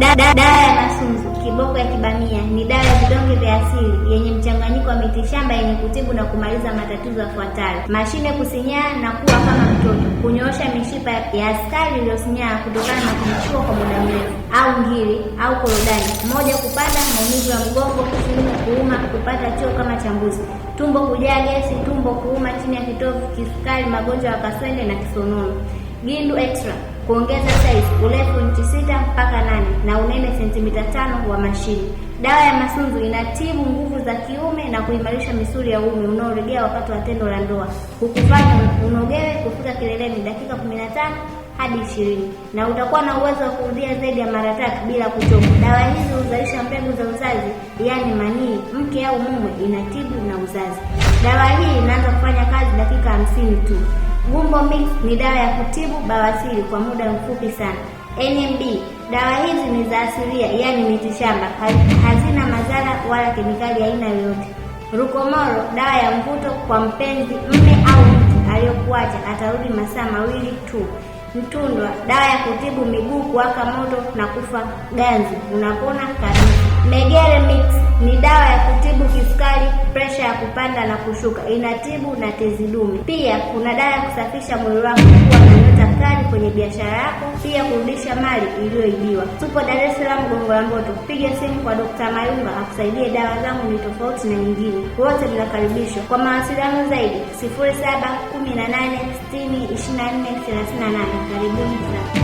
Dawa ya masunzu kiboko ya kibamia ni dawa ya vidonge vya asili yenye mchanganyiko wa mitishamba yenye kutibu na kumaliza matatizo yafuatayo: mashine kusinyaa na kuwa kama mtoto, kunyoosha mishipa ya askari iliyosinyaa kutokana na kumchua kwa muda mrefu au ngiri au korodani; moja, kupanda maumivu ya mgongo, kusinyaa, kuuma, kupata choo kama chambuzi tumbo kujaa gesi, tumbo kuuma chini ya kitovu, kisukari, magonjwa ya kaswende na kisonono. Gindu extra kuongeza size, urefu inchi sita mpaka nane na unene sentimita tano wa mashine. Dawa ya masunzu inatibu nguvu za kiume na kuimarisha misuli ya uume unaoregea wakati wa tendo la ndoa, hukufanya unogewe kufika kileleni dakika 15 hadi 20 na utakuwa na uwezo wa kurudia zaidi ya mara tatu bila kuchoka. Dawa hizi huzalisha mbegu za uzazi, yaani manii, mke au mume, inatibu na uzazi. Dawa hii inaanza kufanya kazi dakika 50 tu. Gumbo Mix ni dawa ya kutibu bawasiri kwa muda mfupi sana. NMB, dawa hizi ni za asilia, yaani mitishamba, hazina madhara wala kemikali aina yoyote. Rukomoro, dawa ya mvuto kwa mpenzi, mme au mtu aliyokuacha atarudi masaa mawili tu. Mtundwa, dawa ya kutibu miguu kuwaka moto na kufa ganzi, unapona kabisa. Megere kupanda na kushuka, inatibu na tezi dume. Pia kuna dawa ya kusafisha mwili wako kuwa na nyota kali kwenye biashara yako, pia kurudisha mali iliyoibiwa. Tupo Dar es Salaam, Gongo la Mboto. Piga simu kwa Dr. Mayunga akusaidie. Dawa zangu ni tofauti na nyingine, wote mnakaribishwa. Kwa mawasiliano zaidi 0718602438. Karibuni sana.